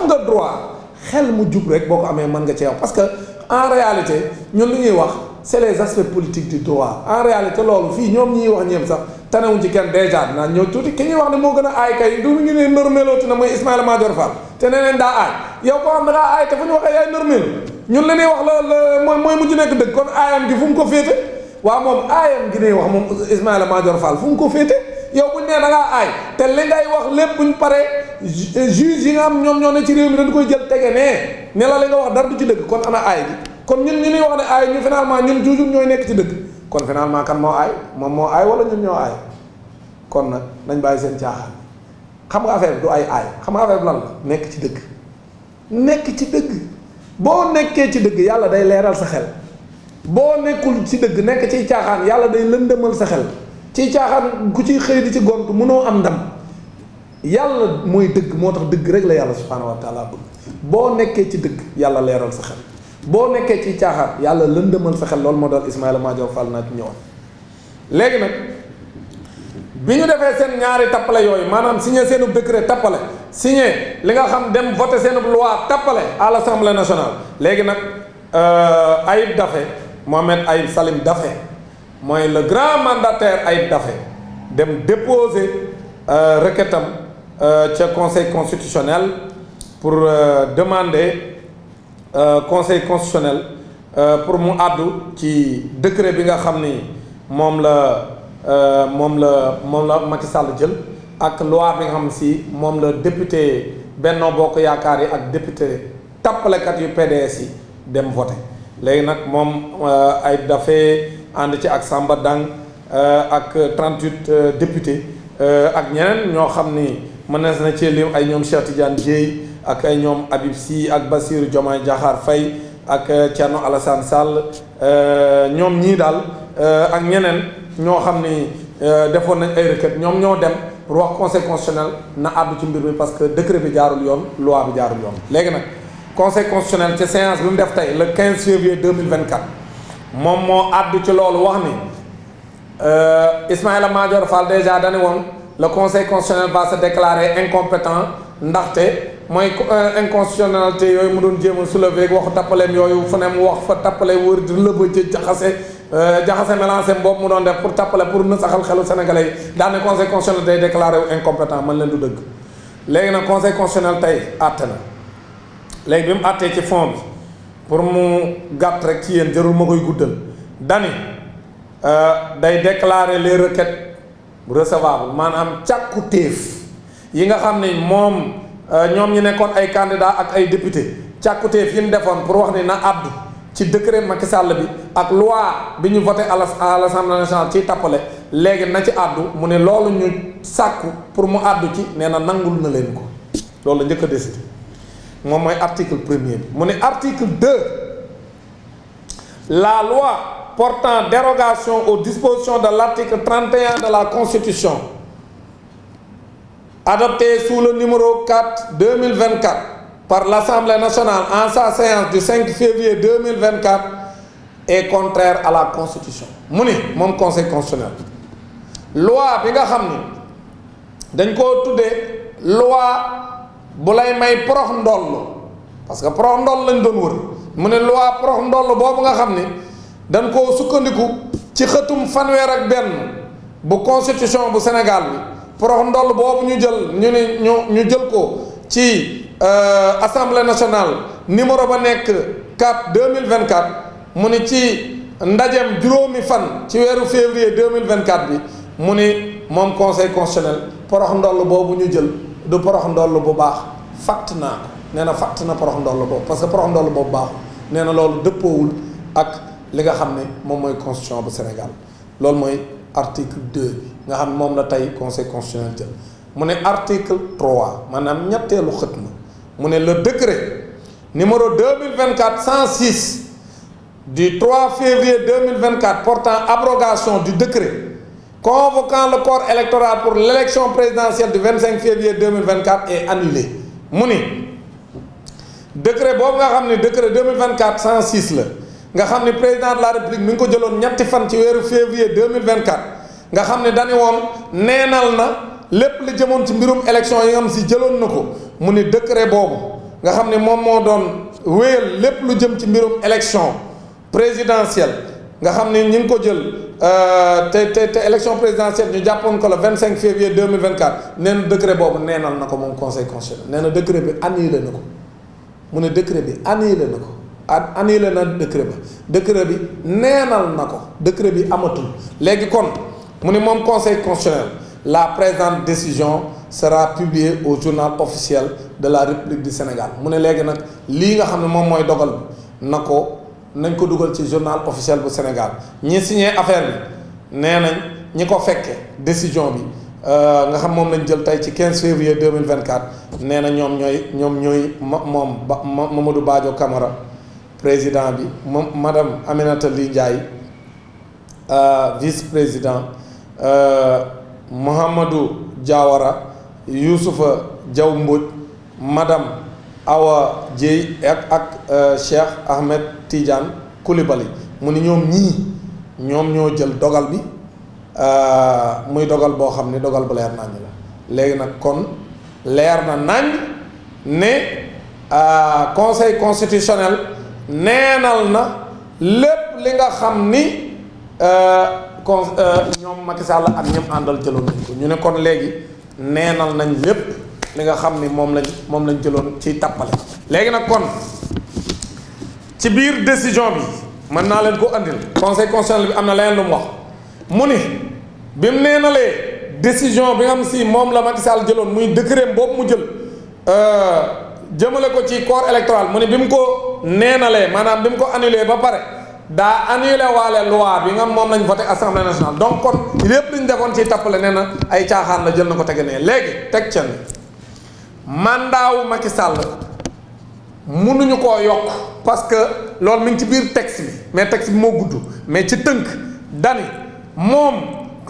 xam nga droit xel mu jub rek boo ko amee mën nga cee wax parce que en réalité ñun lu ñuy wax c'est les aspects politiques du droit en réalité loolu fii ñoom ñuy wax ñeem sax tanewuñ ci kenn déjà dinaa ñëw tuuti ki ñuy wax ne moo gën a aay kay du ngi ne normalooti na mooy Ismaïla Madior Fall te nee neen daa aay yow koo xam da ngaa aay te fu ñu waxee yaay normal ñun li ñuy wax la la mooy mooy mujj nekk dëgg kon aayam gi fu mu ko féete waaw moom aayam gi ñuy wax moom Ismaïla Madior Fall fu mu ko féete yow buñ nee da ngaa aay te li ngay wax lépp buñ paree juge yi nga xam ñoom ñoo ne ci réew mi dañ koy jël tege ne ne la li nga wax dara du ci dëgg kon am aay bi kon ñun ñu nuy wax ne aay ñu finalement ñun toujours ñooy nekk ci dëgg kon finalement kan moo aay moom moo ay wala ñun ñoo aay kon nag nañ bàyyi seen caaxaan xam nga affaire bu du ay aay xam nga affaire bi lan la nekk ci dëgg nekk ci dëgg boo nekkee ci dëgg yàlla day leeral sa xel boo nekkul ci dëgg nekk ci caaxaan yàlla day lëndëmal sa xel ci caaxaan ku ci di ci gont mënoo am ndam yàlla mooy dëgg moo tax dëgg rek la yàlla subhaanahu wa taala boo nekkee ci dëgg yàlla leeral sa xel boo nekkee ci caaxaan yàlla lëndëmal sa xel loolu moo daal Ismaïla Madior Fall naa ci ñëwoon léegi nag bi ñu defee seen ñaari tappale yooyu maanaam signé seenub décret tappale signé li nga xam dem voté seenub loi tappale à l'Assemblée national léegi nag euh, Ayib Daffé Mohamed Ayib Salim dafe mooy le grand mandataire Ayib dafe dem déposer euh, requête Euh, ca conseil constitutionnel pour euh, demander euh, conseil constitutionnel pour mu àddu ci décret bi nga xam ni moom la moom la moom la Macky Sall jël ak loi bi nga xam si moom la député Benno Bokk Yaakaar yi ak député tappalekat yu PDS yi dem voté léegi nag moom ay dafee ànd ci ak Samba Dang ak 38 députés ak ñeneen ñoo xam ni mënees na ci lim ay ñoom Cheikh Tidiane Dieye ak ay ñoom Habib Sy ak Bassirou Diomaye Diakhar fay ak euh, Thierno Alassane Sall euh, ñoom ñii daal euh, ak ñeneen ñoo xam ni defoon nañ ay requête ñoom ñoo dem pour wax conseil constitutionnel na àddu ci mbir mi parce que décret bi jaarul yoon loi bi jaarul yoon léegi nag conseil constitutionnel ci séance bi mu def tey le 15 février 2024 moom moo àddu ci loolu wax ni Ismaïla Madior Fall déjà dani woon le conseil constitutionnel va se déclarer incompétent ndaxte mooy euh, inconstitutionnalité yooyu mu doon jéem a soulever waxu tappaleem yooyu fu ne mu wax fa tappale wër di lëbëj jaxase euh, jaxase mélangé boobu mu doon def pour tappale pour na saxal xelu sénégalais yi daane conseil constitutionnel day déclaré wu incompétent man leen du dëgg léegi nag conseil constitutionnel tey àtte na léegi bi mu àttee ci fond bi pour mu gàtt rek ci yéen jarul ma koy guddal dani euh, day déclarer les requêtes recevable maanaam càkkutéef yi nga xam ne moom euh, ñoom ñu nekkoon ay candidat ak ay député càkkutéef yi mu defoon pour wax ni na àddu ci décret Macky sàll bi ak loi bi ñu voté à l'Assemblée nationale ci tappale léegi na ci àddu mu ne loolu ñu sàkku pour mu àddu ci nee na nangul na leen ko loolu njëkk a décidé moom mooy article premier bi mu ne article deux loi portant dérogation au dispositions de l'article 31 de la Constitution, adopté sous le numéro 4 2024 par l'Assemblée nationale en sa séance du 5 février 2024, est contraire à la Constitution. mu ni moom conseil constitutionnel loi bi nga xam ni dañ koo tuddee loi bu lay may prox ndoll parce que prox ndoll lañ doon wër mu ne loi prox ndoll boobu nga xam ni. dañ koo sukkandiku ci xëtum fanweer ak benn bu constitution bu Sénégal bi porox ndoll boobu ñu jël ñu ne ñu ñu jël ko ci euh, assemblée nationale numéro ba nekk 4 2024 mu ni ci ndajem juróomi fan ci weeru février 2024 bi mu ni moom conseil constitutionnel porox ndoll boobu ñu jël du porox ndoll bu baax fàtt naa ko nee na fàtt na porox ndoll boobu parce que porox ndoll boobu baax nee na loolu dëppoowul ak li nga xam ne moom mooy constitution bu Sénégal loolu mooy article deux bi nga xam ne moom la tey conseil constitutionnel jël mu ne article trois maanaam ñetteelu xët ma mu ne le décret numéro deux mille vingt quatre cent six du 3 février 2024 portant abrogation du décret convoquant le corps électoral pour l'élection présidentielle du 25 février 2024 est annulé mu ni décret boobu nga xam ne décret 2024 106 la nga xam ne président de la république mi ngi ko jëloon ñetti fan ci weeru février 2024 nga xam ne dañu woon neenal na lépp li jëmoon ci mbirum élection yi nga xam si jëloon na ko mu ni décret boobu nga xam ne moom moo doon wéyal lépp lu jëm ci mbirum élection présidentielle nga xam ne ñu ngi ko jël euh, te te te élection présidentielle ñu jàppoon ko le 25 février 2024 nee na décret boobu neenal na ko moom conseil constitutionnel nee na décret bi annulé na ko mu ne décret bi annulé na ko. annulé na décret ba décret bi neenal na ko décret bi amatul léegi kon mu ne moom conseil constitutionnel la présente décision sera publiée au journal officiel de la république du Sénégal mu ne léegi nag lii nga xam ne moom mooy dogal bi na ko nañ ko dugal ci journal officiel bu Sénégal ñi signé affaire bi nee nañ ñi ko fekke décision bi euh, nga xam moom lañ jël tey ci 15 février 2024 nee na ñoom ñooy ñoom ñooy moom Mamadou Badio Camara président bi moom madame Aminata Ly Ndiaye euh, vice président euh, Mouhamadou Diawara Youssoufa Diaw Mbodj madam Awa Dieye ak ak euh, Cheikh Ahmed Tidiane Koulibaly mu ni ñoom ñii ñoom ñoo jël dogal bi muy dogal boo xam ni dogal bu leer nañ la léegi nag kon leer na nañ ne conseil constitutionnel neenal na lépp li nga xam ni euh, con euh, ñoom Macky Sall ak ñoom àndal jëloon ñu ne kon léegi neenal nañ lépp li nga xam ni moom lañ moom lañ jëloon ci tappale léegi nag kon ci biir décision bi mën naa leen ko andil conseil constitutionnel bi am na leneen lu mu wax mu ni bi mu neenalee décision bi nga xam si moom la Macky Sall jëloon muy décret boobu mu jël euh, jëmale ko ci corps électoral mu ni bi mu ko lee maanaam bi mu ko annulé ba pare daa annulé waale loi bi nga moom lañ voté assemblée nationale donc kon lépp luñ defoon ci tappale nee ay caaxaan la jël na ko tege nee léegi teg ca mandat wu sàll Sall mënuñu koo yokk parce que loolu mi ngi ci biir texte bi mais texte bi moo gudd mais ci tënk dani moom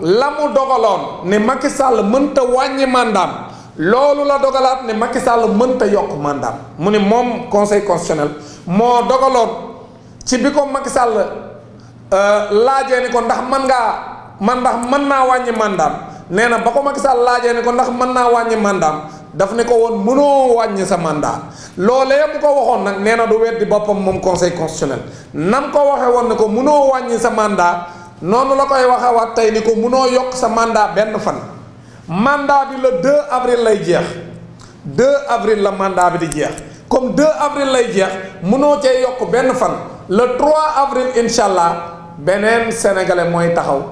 la mu dogaloon ne Macky Sall mënta wàññi mandaam loolu la dogalaat ne Macky Sall mënta yokk mandat mu ne moom conseil constitutionnel moo dogaloon ci bi ko Macky Sall euh, laajee ni ko ndax mën ngaa man ndax mën naa wàññi mandat nee na ba ko Macky Sall laajee ni ko ndax mën naa wàññi mandat daf ne ko woon mënoo wàññi sa mandat loolee mu ko waxoon nag nee na du weddi boppam moom conseil constitutionnel nam ko waxee woon ne ko mënoo wàññi sa mandat noonu la koy waxewaat tey ni ko mënoo yokk sa mandat benn fan. mandat bi le 2 avril lay jeex deux avril la mandat bi di jeex comme deux avril lay jeex mënoo cee yokk benn fan le 3 avril incha allah beneen sénégalais mooy taxaw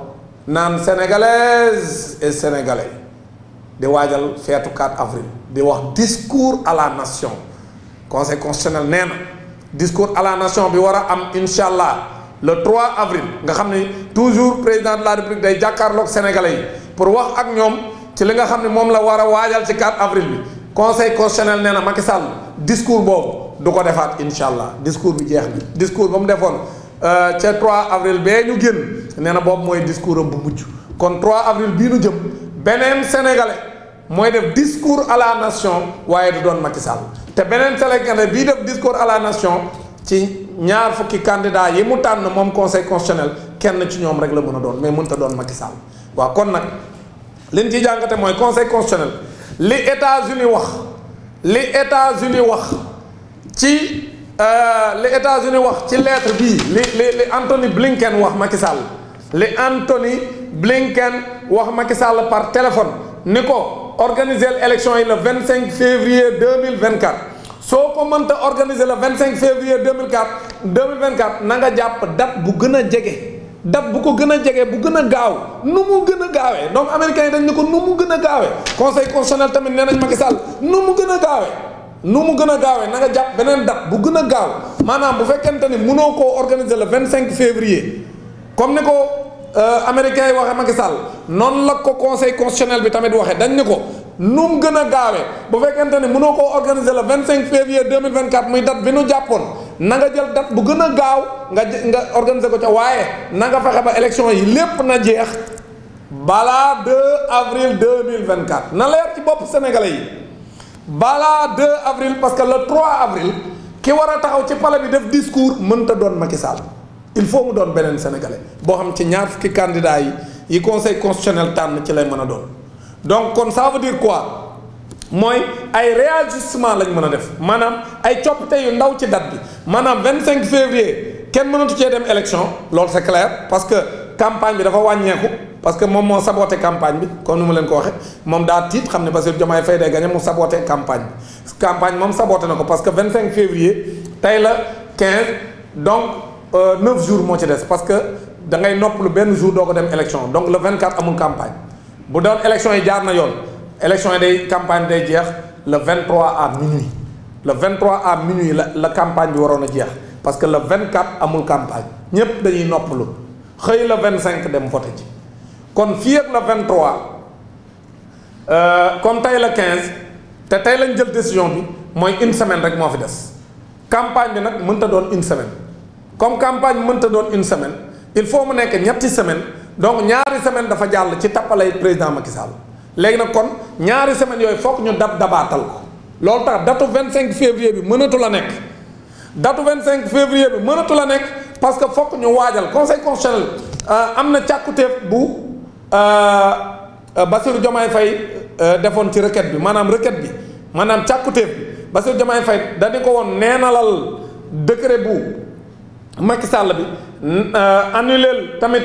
naan sénégalaise et sénégalais di waajal feetu 4 avril di wax discours à la nation conseil constitutionnel nee na discours à la nation bi war a am incha allah le 3 avril nga xam ni toujours président de la république day jàkkaarlook sénégalais yi pour wax ak ñoom. ci li nga xam ne moom la war a waajal ci 4 avril bi conseil constitutionnel nee na Macky Sall discours boobu du ko defaat incha allah discours bi jeex na discours ba mu defoon euh, ca 3 avril bee ñu génn nee na boobu mooy discours am bu mujj kon trois avril bii nu jëm beneen sénégalais mooy def discours à la nation waaye di doon Macky Sall te beneen sénégalais bii def discours à la nation ci ñaar fukki candidat yi mu tànn moom conseil constitutionnel kenn ci ñoom rek la mën a doon mais mënut doon Macky Sall li ñu ciy mooy conseil constitutionnel li États-Unis wax li États-Unis wax ci euh, li États-Unis wax ci lettre bii li li li Anthony Blinken wax Macky Sall li Anthony Blinken wax Macky Sall par téléphone ni ko organiser l'élection yi le 25 février 2024 soo ko mënta organiser le 25 février 2004 2024 na nga jàpp dat bu gën a jege. dab bu ko gën a jege bu gën a gaaw nu mu gën a gaawee donc américains yi dañ ne ko nu mu gën a gaawee conseil constitutionnel tamit nee nañ Macky Sall nu mu gën a gaawee nu gën a gaawee jàpp beneen date bu gën a gaaw maanaam bu fekkente ni mënoo koo organiser le 25 février comme ni ko euh, américains yi waxee Macky Sall noonu la ko conseil constitutionnel bi tamit waxee dañ ne ko nu mu gën a gaawee bu fekkente ni mënoo koo organiser le 25 février 2024 muy date bi nu jàppoon. na nga jël date bu gën a gaaw nga nga organiser ko ca waaye na nga fexe a élection yi lépp na jeex balaa 2 avril 2024 na leer ci bopp sénégalais yi balaa 2 avril parce que la trois avril ki war a taxaw ci palais bi def discours mënta doon Macky saal il faut mu doon beneen sénégalais boo xam ci ñaar fukki candidats yi yi conseil constitutionnel tànn ci lay mën a doon donc kon ça veut quoi. mooy ay réajustement lañu mën a def maanaam ay coppite yu ndaw ci date bi maanaam 25 février kenn mënatu cee dem élection loolu c'est clair parce que campagne bi dafa wàññeeku parce que moom moo saboté campagne bi kon ni mu leen ko waxe moom daa tiit xam ne parce que Diomaye Faye day gagné mu saboté campagne bi campagne moom saboté na ko parce que 25 février tey la 15 donc euh, 9 jours moo ci des parce que da ngay noppalu benn jour doo ko dem élection donc le 24 amul campagne bu doon élection yi jaar na yoon. élection yi day campagne day jeex le 23 à minuit le 23 à minuit la la campagne bi waroon a jeex parce que vingt 24 amul campagne ñépp dañuy noppalu xëy la vingt cinq dem voté ji kon fii ak le 23 euh, comme tey la 15 te tey lañ jël décision bi mooy une semaine rek moo fi des campagne bi nag mënta doon une semaine comme campagne mënta doon une semaine il faut mu nekk ñetti semaine donc ñaari semaine dafa jàll ci tappalay président Macky léegi nag kon ñaari semaines yooyu foog ñu dab dabaatal ko loolu tax datu 25 février bi mënatu la nekk datu 25 février bi mënatul a nekk parce que foog ñu waajal conseil constitutionnel euh, am na càkkutéef bu euh, euh, Bassirou Diomaye fay defoon ci requête bi maanaam requête bi maanaam càkkutéef bi Bassirou Diomaye Faye dañu ko woon neenalal décret bu Macky sàll bi annuleel tamit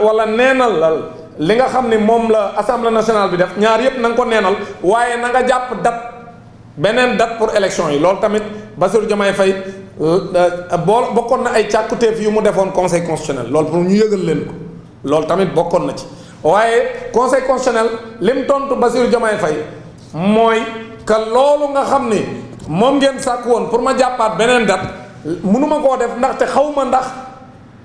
wala neenalal. li nga xam ni moom la assemblée nationale bi def ñaar yëpp na ko neenal waaye na nga jàpp date beneen date pour élection yi loolu tamit Bassirou Diomaye Faye euh, euh, boo bokkoon na ay càkkutéef yu mu defoon conseil constitutionnel lool pour ñu yëgal leen ko loolu tamit bokkoon na ci waaye conseil constitutionnel lim tontu Bassirou Diomaye Faye mooy que loolu nga xam ni moom ngeen sàkk woon pour ma jàppaat beneen date mënuma koo def ndaxte te ma ndax.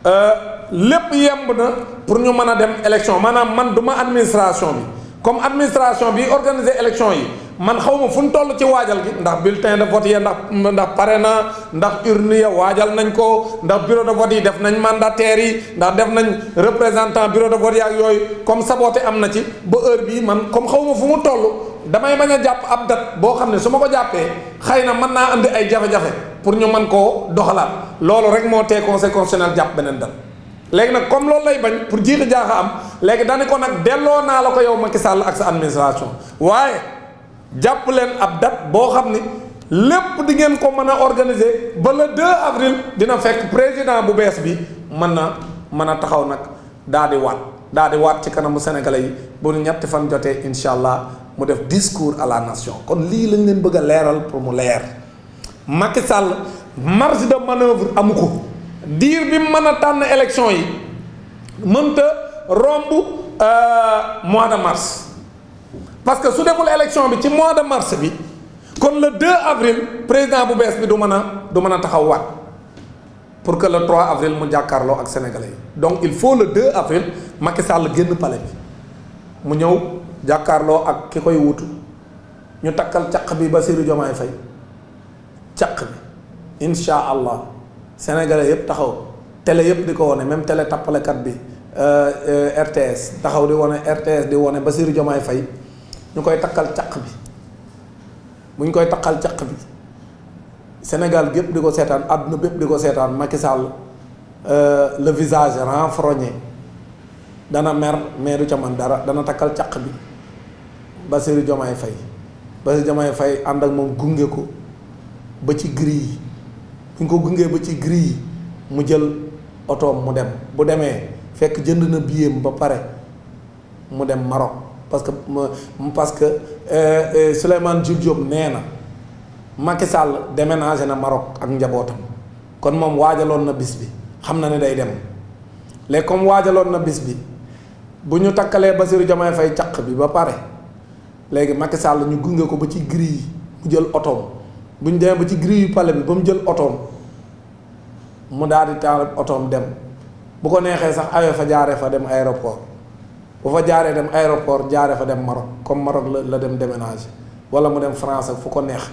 Euh, lépp yemb na pour ñu mën a dem élection maanaam man du ma administration bi comme administration bi organiser élection yi man xaw ma fu ñu toll ci waajal gi ndax bulletin de vote yi ndax ndax pare na ndax urne ya waajal nañ ko ndax bureau de vote yi def nañ mandataires yi ndax def nañ représentant bureau de vote yi ak yooyu comme saboté am na ci ba heure bii man comme xaw ma fu mu toll damay bañ a jàpp ab date boo xam ne su ma ko jàppee xëy na mën naa andi ay jafe pour ñu mën koo doxalaat loolu rek moo tee conseil constitutionnel jàpp beneen date. léegi nag comme loolu lay bañ pour jiitu jaaxa am léegi dani ko nag delloo naa la ko yow Macky sàll ak sa administration waaye jàpp leen ab dat boo xam ni lépp di ngeen ko mën a organiser ba le 2 avril dina fekk président bu bees bi mën na mën a taxaw nag daa di waat daadi waat ci kanamu sénégalais yi bu ñetti fan jotee incha allah mu def discours à la nation kon lii lañ leen bëgg a leeral pour mu leer Macky Sall marge de manœuvre amu ko. diir bi mu mën a tànn élection yi mënta romb euh, mois de mars parce que su deful élection bi ci mois de mars bi kon le 2 avril président bu bees bi du mën a du mën a taxawaat pour que le trois avril mu jàkkaarloo ak sénégalais yi donc il faut le 2 avril Macky Sall génn palais bi mu ñëw jàkkaarloo ak ki koy wutu ñu takkal caq bi Bassirou Diomaye Faye caq bi incha allah. sénégalais yëpp taxaw tele yëpp di ko wane même tele tappalekat bi euh, euh, RTS taxaw di wane RTS di wane Bassirou Diomaye fay ñu koy takkal caq bi bu ñu koy takkal caq bi Sénégal gépp di ko seetaan àdduna bépp di ko seetaan Macky Sall euh, le visage renfrogné dana mer mais du ca man dara dana takkal caq bi Bassirou jomaay fay Bassirou Diomaye fay ànd ak moom gunge ko ba ci gris yi bu ñu ko gungee ba ci gris yi mu jël otoom mu dem bu demee fekk jënd na billet ba pare mu dem Maroc parce que parce que euh, euh, Souleymane Jules Diop nee na Macky Sall na Maroc ak njabootam kon moom waajaloon na bis bi xam na ne day dem léegi comme waajaloon na bis bi bu ñu takkalee Bassirou Diomaye fay caq bi ba pare léegi Macky ñu gunge ko ba ci gris yi mu jël otoom bu ñu demee ba ci grille yu palais bi ba mu jël otoom mu daal di taal otoom dem bu ko neexee sax awee fa jaaree fa dem aéroport bu fa jaaree dem aéroport jaaree fa dem Maroc comme Maroc la la dem déménager wala mu dem France ak fu ko neex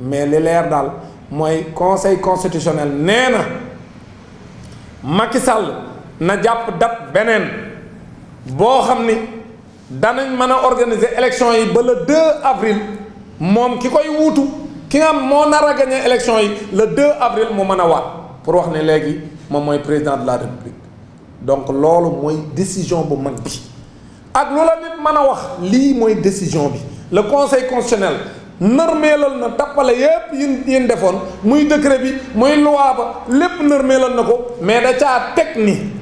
mais li leer daal mooy conseil constitutionnel nee na Macky Sall na jàpp dab beneen boo xam ni danañ mën a organiser élection yi ba le 2 avril moom ki koy wuutu. ki nga xam moo nar a gagné élection yi le 2 avril mu mën a waat pour wax ne léegi moom mooy président de la république donc loolu mooy décision bu mag bi ak lu la nit mën a wax lii mooy décision bi le conseil constitutionnel nërmeelal na tappale yépp yin yin defoon muy décret bi muy loi ba lépp nërmeelal na ko mais da caa teg nii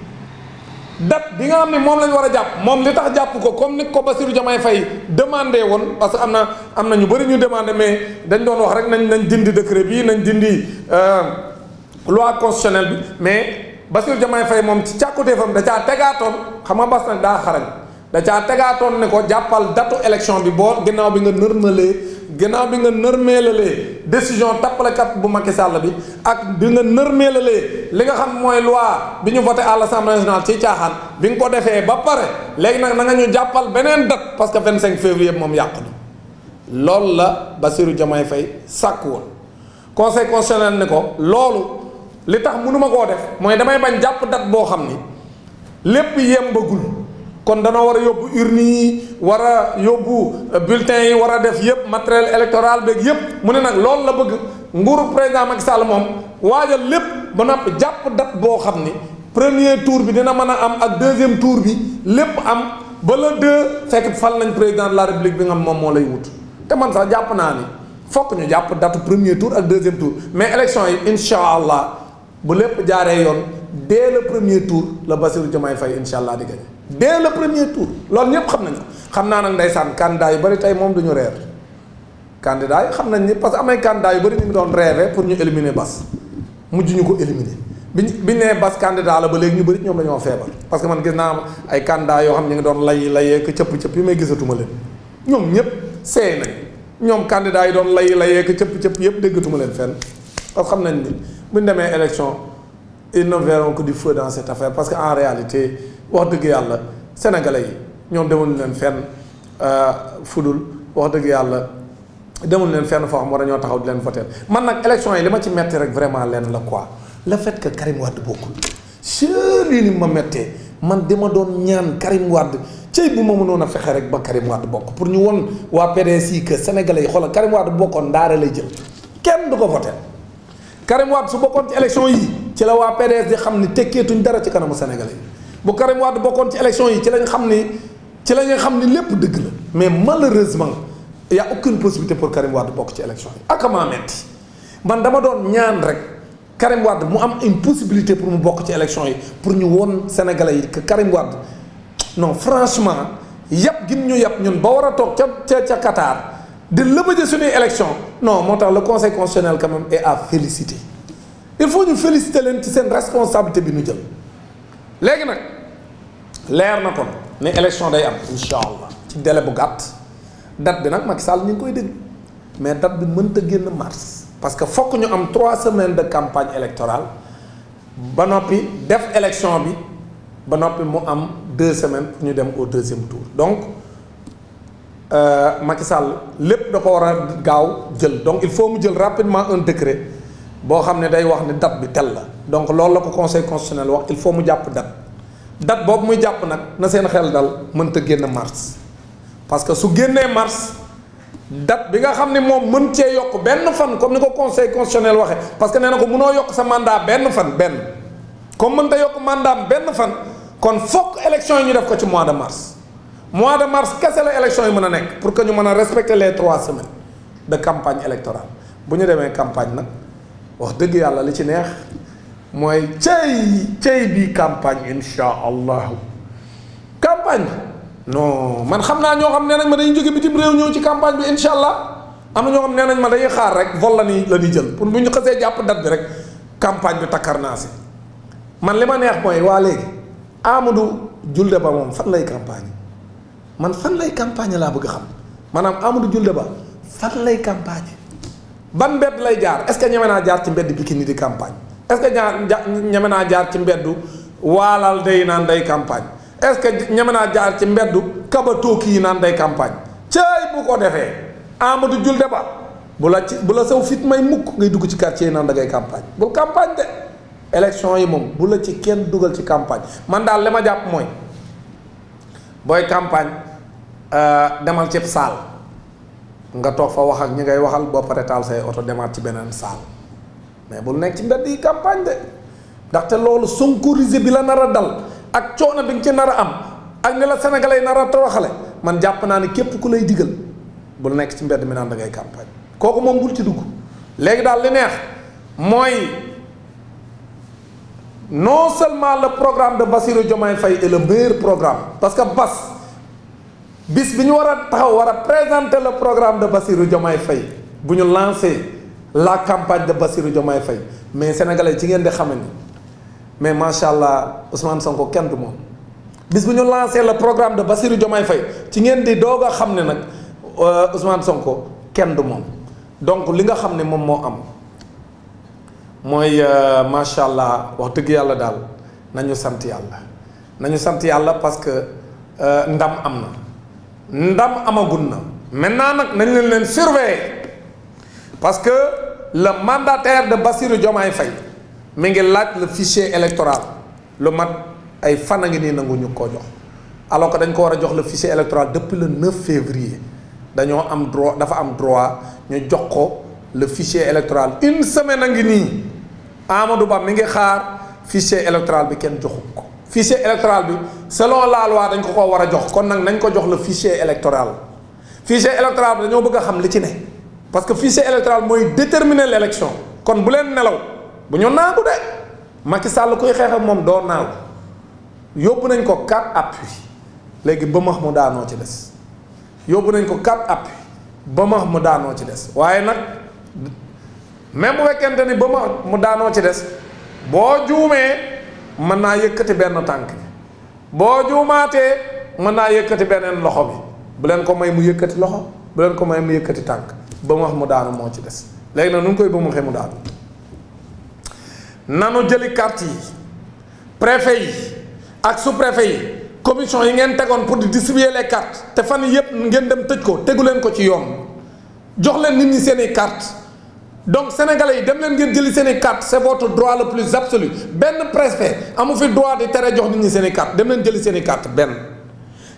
date bi nga xam ne moom lañ war a jàpp moom li tax jàpp ko comme ni ko Bassirou Diomaye fay demandé woon parce que am na am na ñu bëri ñu demandé mais dañ doon wax rek nañ nañ dindi décret bi nañ dindi euh, loi constitutionnelle bi mais Bassirou Diomaye fay moom ci càkkutéefam da caa tegaatoon xam nga bas nag daa xarañ. da caa tegaatoon ne ko jàppal datu élection bi boo ginnaaw bi nga nërmalee ginnaaw bi nga nërmeelalee décision tappalekat bu Macky Sall bi ak bi nga nërmeelalee li nga xam mooy loi bi ñu voté à l'Assemblée nationale ci caaxaan bi nga ko defee ba pare léegi nag na nga ñu jàppal beneen date parce que 25 février moom yàqu na loolu la Bassirou Diomaye Faye sàkk woon conseil constitutionnel ne ko loolu li tax mënuma koo def mooy damay bañ jàpp date boo xam ni lépp yembagul. kon danoo war a yóbbu urne yi war a yóbbu euh, bulletin yi war a def yëpp matériel électoral beeg yëpp mu ne nag loolu la bëgg nguuru président Macky Sall moom waajal lépp ba noppi jàpp date boo xam ni premier tour bi dina mën a am ak deuxième tour bi lépp am ba le deux fekk fal nañ président la république bi nga xam moom moo lay wut te man sax jàpp naa ni fokk ñu jàpp date premier tour ak deuxième tour mais élection yi incha allah bu lépp jaaree yoon dès le premier tour la Bassirou Diomaye Faye incha allah di de le premier tour loolu ñëpp xam nañ ko xam naa nag saan candidat yu bëri tey moom du ñu reer candidat yi xam nañ ni parce que amay candidat yu bëri ñu ngi doon rêvé pour ñu éliminer bas mujj ñu ko éliminer bi bi nee Bass candidat la ba léegi ñu bëri ñoom dañoo feebar parce que man gis naa ay candidat yoo xam ñu ngi doon lay la ko cëpp cëpp yi may gisatuma leen ñoom ñëpp seey nañ ñoom candidat yi doon lay layee ko cëpp cëpp yëpp déggatuma leen fenn parce xam nañ ni demee élection ils ne verront que du feu dans cette affaire parce que en réalité wax dëgg yàlla sénégalais yi ñoom demul leen fenn euh, fudul wax dëgg yàlla demul leen fenn foo xam war a ñoo taxaw di leen voter man nag élection yi li ma ci metti rek vraiment leen la quoi le fait que Karim Wade bokkul sër ma mettee man dama doon ñaan Karim Wade cey bu ma mënoon a fexe rek ba Karim Wade bokk pour ñu won waa PDS yi que sénégalais yi xoolal Karim Wade bokkoon ndaare lay jël kenn du ko voter Karim Wade su bokkoon ci élection yi ci la waa PDS yi xam ni tekkeetuñ dara ci kanamu sénégalais yi bu Karim Wade bokkoon ci élection yi ci lañ xam ni ci la nga xam ni lépp dëgg la mais malheureusement y a aucune possibilité pour Karim Wade bokk ci élection yi ak maa metti man dama doon ñaan rek Karim Wade mu am une possibilité pour mu bokk ci élection yi pour ñu woon sénégalais yi que Karim Wade non franchement yàpp gin ñu yàpp ñun ba war a toog ca ca ca Qatar di lëbëje suñuy élection no moo tax la conseil constitutionnel quand même est à féliciter il faut ñu féliciter leen ci seen responsabilité bi ñu jël léegi nag leer na ko ne élection day am incha allah ci délai bu gàtt date bi nag Macky Sall ñu ngi koy dégg mais date bi mënta génn mars parce que fokk ñu am trois semaines de campagne électorale ba noppi def élection bi ba noppi mu am deux semaines pour ñu dem au deuxième tour donc euh, Macky Sall lépp da ko war a gaaw jël donc il faut mu jël rapidement un décret boo xam ne day wax ne date bi tell la donc loolu la ko conseil constitutionnel wax il faut mu jàpp date dat boobu mu jàpp nag na seen xel dal mënta génn mars parce que su génnee mars date bi nga xam ni moom mën cee yokk benn fan comme ni ko conseil constitutionnel waxee parce que nee na ko mënoo yokk sa mandat benn fan benn comme mënta yokk mandat benn fan kon fokk élection yi ñu def ko ci mois de mars mois de mars kese la élection yi mën a nekk pour que ñu mën a respecter les trois semaines de campagne électorale bu ñu demee campagne nag dëgg yàlla li ci neex mooy cey cey bi campagne insha allahu campagne non man xam naa ñoo xam nee nañ ma dañu jóge bitim réew ñoo ci campagne bi insha allah am na ñoo xam nee nañ ma dañuy xaar rek vol la ni jël pour bu ñu xasee jàpp date bi rek campagne bi takkar naa si man li ma neex mooy waa léegi Amadou Julde Ba moom fan lay campagne man fan lay campagne laa bëgg xam maanaam amadu Julde Ba fan lay campagne ban mbedd lay jaar est-ce que ñeme naa jaar ci mbedd bi ki ni di campagne est-ce que jaar ñeme naa jaar ci mbeddu waalal day naan day campagne est-ce que ñeme naa jaar ci mbeddu kaba ki yi naan day campagne cëy bu ko defee Amadou Julde Ba bu la ci bu la saw fit may mukk ngay dugg ci quartier yi naan da campagne bul campagne de élection yi moom bu la ci kenn dugal ci campagne man daal li ma jàpp mooy booy campagne euh, demal cib saal nga toog fa wax ak ñi ngay waxal boo pare taal say oto demaat ci beneen saal mais bul nekk ci mbedd yi campagne de ndaxte loolu sonkorisé bi la nar a dal ak coono bi nga ci nar a am ak ni la sénégalais yi nar a toroxale man jàpp naa ne képp ku lay digal bul nekk ci mbedd mi naan da ngay campagne kooku moom bul ci dugg léegi daal li neex mooy non seulement la programme de Bassirou Diomaye Faye est le meilleur programme parce que Bas bis bi ñu war a taxaw war a présenter la programme de Bassirou Diomaye fay bu ñu lancé la campagne de Bassirou Diomaye fay mais sénégalais ci ngeen di xame ni mais macha allah Ousmane Sonko kenn du moom bis bu ñu lancé la programme de Bassirou Diomaye fay ci ngeen di doog a xam ne nag euh, Ousmane Sonko kenn du moom donc li nga xam ne moom moo am mooy euh, macha allah wax dëgg yàlla daal nañu sant yàlla nañu sant yàlla parce que euh, ndam am na ndam amagun na maintenant nag nañ leen leen surveiller parce le mandataire de Bassirou Diomaye Faye mi ngi laaj la fichier électoral lu mat ay fan a ngi nii nangu ñu ko jox alors que dañ ko war a jox le fichier électoral depuis le 9 février dañoo am droit dafa am droit ñu jox ko le fichier électoral une semaine a ngi nii Amadou Ba mi ngi xaar fichier électoral bi kenn joxu ko fichier électoral bi selon la loi dañ ko ko war a jox kon nag nañ ko jox la fichier électoral fichier électoral bi dañoo bëgg a xam li ci ne parce que fichier électoral mooy déterminer l' élection kon bu leen nelaw bu ñu naagu de ma ki sàll kuy xeex ak moom doo naagu yóbbu nañ ko quatre appui léegi ba max mu daanoo ci des yóbbu nañ ko quatre appui ba max mu daanoo ci des waaye nag même bu fekkente ni ba max mu daanoo ci des boo juumee mën naa yëkkati benn tànk bi boo juumaatee mën naa yëkkati beneen loxo bi bu leen ko may mu yëkkati loxo bu leen ko may mu yëkkati tànk ba mu wax mu daanu moo ci des léegi nag nu ngi koy ba mu waxee mu daanu nanu jëli carte yi préfet yi ak sous-préfet yi commission yi ngeen tegoon pour di distribuer les cartes te fan yépp ngeen dem tëj ko teguleen ko ci yoon jox leen nit ñi seeni carte donc sénégalais yi dem leen ngeen jëli seeni carte c'est votre droit le plus absolu benn préfet amu fi droit di tere jox nit ñi seeni carte dem leen jëli seeni carte benn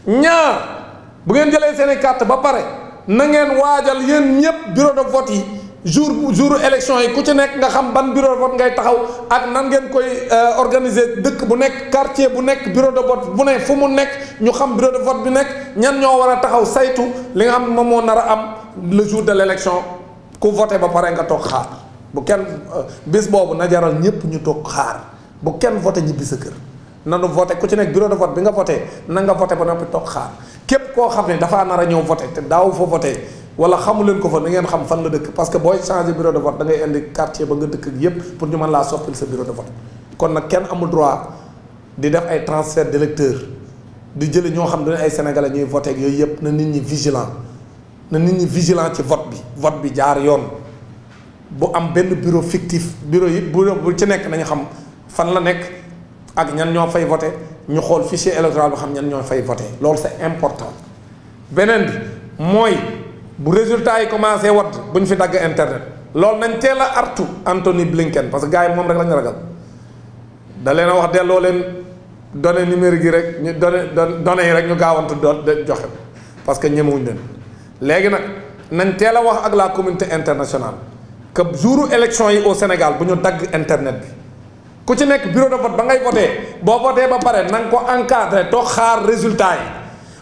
ñaar bu ngeen jëlee seeni carte ba pare na ngeen waajal yéen ñëpp bureau de vote yi jour jour élection yi ku ci nekk nga xam ban bureau de vote ngay taxaw ak nan ngeen koy euh, organiser dëkk bu nekk quartier bu nekk bureau de vote bu ne fu mu nekk ñu xam bureau de vote bi nekk ñan ñoo war a taxaw saytu li nga xam ne moom moo nar a am le jour de l' élection ku voté ba pare nga toog xaar bu kenn euh, bis boobu na jaral ñëpp ñu toog xaar bu kenn voté ñibbi sa kër nanu voté ku ci nekk bureau de vote bi nga voté na nga voté ba noppi toog xaar. képp koo xam ne dafaa nar a ñëw voté te daaw fa voté wala xamu leen ko fa da ngeen xam fan la dëkk parce que booy changé bureau de vote da ngay indi quartier ba nga dëkk ak yépp pour ñu man laa soppil sa bureau de vote kon nag kenn amul droit di def ay transfert d'électeurs di jële ñoo xam ne ay sénégalais ñuy voté ak yooyu yëpp na nit ñi vigilant na nit ñi vigilant ci vote bi vote bi jaar yoon bu am benn bureau fictif bureau yi bureau bu ci nekk nañu xam fan la nekk ak ñan ñoo fay voté ñu xool fichier électoral bi xam ñan ñoo fay voté lool c'est important beneen bi mooy bu résultat yi commencé wadd bu ñu fi dagg internet loolu nañ teel a artu Anthony Blinken parce que gars yi moom rek la ñu ragal da leen a wax delloo leen données numériques yi rek ñu données données yi rek ñu gaawantu doon joxe parce que ñemewuñ leen léegi nag nañ teel a wax ak la communauté internationale que jouru élection yi au Sénégal bu ñu dagg internet bi. ku ci nekk bureau de vote ba ngay voté boo voté ba pare na ko encadré toog xaar résultat yi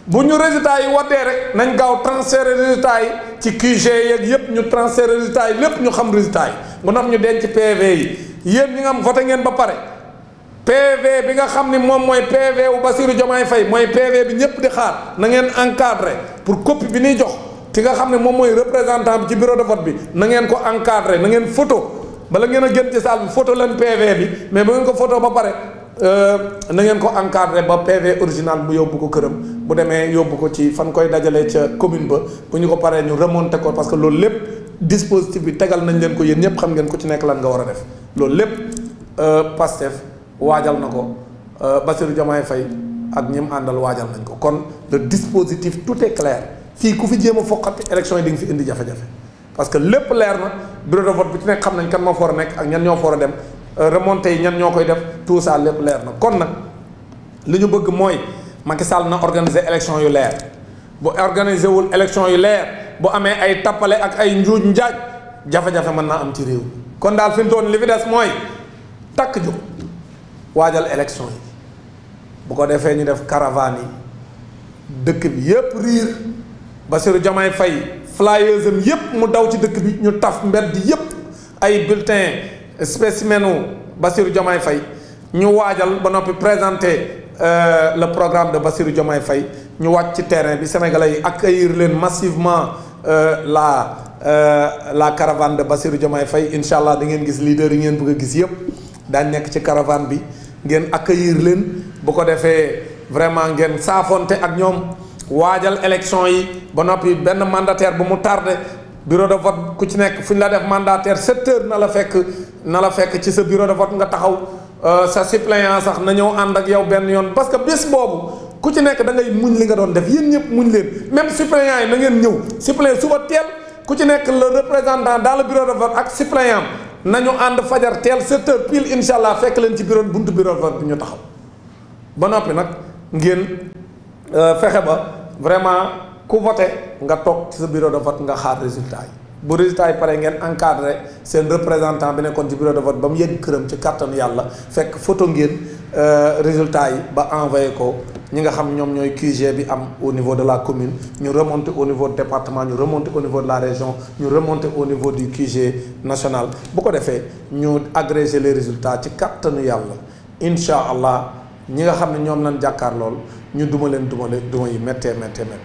bu ñu résultat yi watee rek nañ gaaw transférer résultat yi ci kii yeeg yépp ñu transférer résultat yi lépp ñu xam résultat yi bu noppi ñu denc PV yi yéen ñi nga am voté ngeen ba pare PV bi nga xam ni moom mooy PV wu Bassirou Diomaye fay mooy PV bi ñëpp di xaar na ngeen encadré pour copie bi ñuy jox ki nga xam ne moom mooy représentant bi ci bureau de vote bi na ngeen ko encadré na ngeen photo bala ngeen a gën ci salle bi photo leen PV bi mais ba ngeen ko photo ba pare euh, na ngeen ko encadré ba PV original bu yóbbu ko këram bu demee yóbbu ko ci fan koy dajalee ca commune ba bu ñu ko paree ñu remonté ko parce que loolu lépp dispositif bi tegal nañ leen ko yéen ñëpp xam ngeen ko ci nekk lan nga war a def loolu lépp euh, Pastef waajal na ko euh, Bassirou Diomaye fay ak ñim àndal waajal nañ ko kon le dispositif tout est clair fii ku fi jéem a foqati élection yi nga fi indi jafe parce que lépp leer na bureau de vote bu ci nekk xam nañ kan moo fa a nekk ak ñan ñoo fa a dem euh, remontée yi ñan ñoo koy def tout ça lépp leer na kon nag li ñu bëgg mooy Macky Sall na organiser élection yu leer bu organiser wul élection yu leer bu amee ay tappale ak ay njuuj njaaj jafe-jafe mën naa am ci réew kon daal fi mu li fi des mooy takk ju waajal élection yi bu ko defee ñu def caravane yi dëkk bi yépp riir Bassirou Diomaye Faye flyers am yëpp mu daw ci dëkk bi ñu taf di yëpp ay bulletin spécimenu Bassirou Diomaye fay ñu waajal ba noppi présenter euh, le programme de Bassirou Diomaye fay ñu wàcc ci terrain bi sénégalais yi accueillir leen massivement euh, la euh, la caravane de Bassirou Diomaye Faye incha allah da ngeen gis leader yi ngeen bugg a gis yëpp daañ nekk ci caravane bi ngeen accueillir leen bu ko defee vraiment ngeen saafonte ak ñoom waajal élection yi ba noppi benn mandataire bu mu tardé bureau de vote ku ci nekk fu ñu la def mandataire sept heures na la fekk na la fekk ci sa bureau de vote nga taxaw euh, sa suppléant sax na ñëw ànd ak yow benn yoon parce que bés boobu ku ci nekk da ngay muñ li nga doon def yéen ñëpp muñ leen même suppléant yi na ngeen ñëw suppléant suba teel ku ci nekk le représentant dans le bureau de vote ak na ñu ànd fajar teel sept heures pile incha allah fekk leen ci bureau buntu bureau de vote ñu taxaw ba noppi nag ngeen. Euh, fexe ba vraiment ku voté nga toog ci sa bureau de vote nga xaar résultat yi bu résultat yi pare ngeen encadré seen représentant bi nekkoon ci bureau de vote ba mu yegg këram ci kàttanu yàlla fekk photo ngeen euh, résultat yi ba envoyé ko ñi nga xam ñoom ñooy QG bi am au niveau de la commune ñu remonté au niveau du département ñu remonté au niveau de la région ñu remonté au niveau du QG national bu ko defee ñu agrégé les résultat ci kàttanu yàlla incha allah ñi nga xam ne ñoom lañ jàkkaar ñu duma leen duma leen duma yi méttee méttee méttee